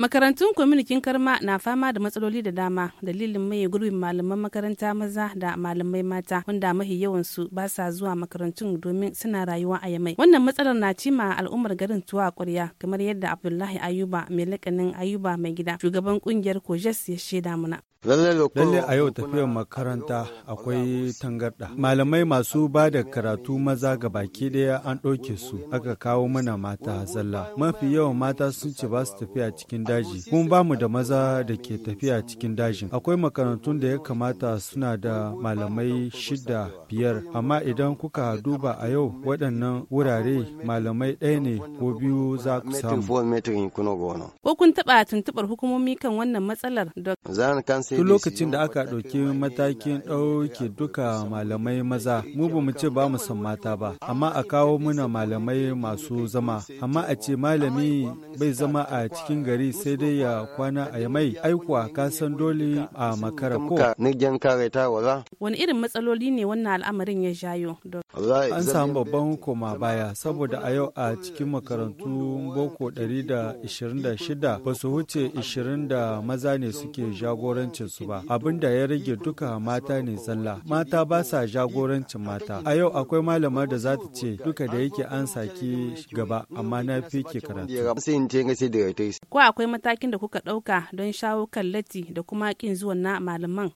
makarantun kwaminikin karma na fama da matsaloli da dama dalilin mai gurbin malaman makaranta maza da malamai mata wanda mahi yawansu basa ba sa zuwa makarantun domin suna rayuwa a yamai wannan matsalar na cima al'ummar garin tuwa kwarya kamar yadda abdullahi ayuba mai lakanin ayuba mai gida shugaban kungiyar kojes ya shaida muna Lalle a yau tafiyar makaranta akwai tangarda. Malamai masu ba da karatu maza ga baki daya an ɗauke su aka kawo mana mata zalla. Mafi yawan mata sun ce ba su tafiya cikin daji. Kun ba mu da maza da ke tafiya cikin dajin. Akwai makarantun da ya kamata suna da malamai shida biyar. Amma idan kuka duba a yau waɗannan wurare malamai ɗaya ne ko biyu za ku samu. Ko kun taɓa tuntuɓar hukumomi kan wannan matsalar? Tun lokacin da aka ɗauki matakin ɗauke duka malamai maza, mu ba mu ce ba mu san mata ba, amma a kawo muna malamai masu zama. Amma a ce malami bai zama a cikin gari sai dai ya kwana a yamai, aikuwa ka san dole a makara Wani irin matsaloli ne wannan al'amarin ya jayo? An samu babban koma baya saboda a yau a cikin makarantu boko 126 ba su huce 20 da maza ne suke jagorancin ba. Abin da ya rage duka mata ne zalla. Mata ba sa jagorancin mata. A yau akwai malamar da za ta ce duka da yake an saki gaba amma na fi ke karatu. Ko akwai matakin da kuka ɗauka don shawo kan latti da kuma ƙin zuwan na malaman?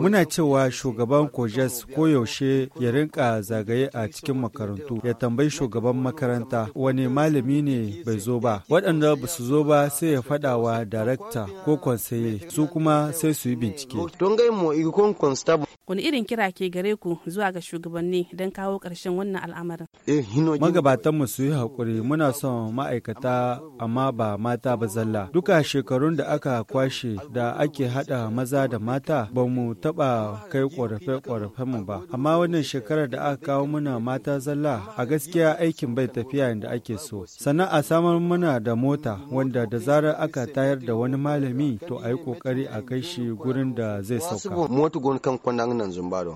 Muna cewa shugaban Kojes koyaushe ya rinka zagaye a cikin makarantu ya tambayi shugaban makaranta wani malami ne bai zo ba waɗanda ba su zo ba sai ya faɗa wa darakta ko kwansaye su kuma sai su yi bincike wani irin kira ke gare ku zuwa ga shugabanni don kawo ƙarshen wannan al'amarin eh, magabatanmu su yi haƙuri muna son ma'aikata amma ba mata ba zalla duka shekarun da aka kwashe da ake hada maza da mata ba mu taɓa kai ƙorafe mu ba amma wannan shekarar da aka kawo muna mata zalla a gaskiya aikin bai tafiya inda ake so sannan a samar muna da mota wanda da zarar aka tayar da wani malami to a yi ƙoƙari a kai shi gurin da zai sauka nan zumbaro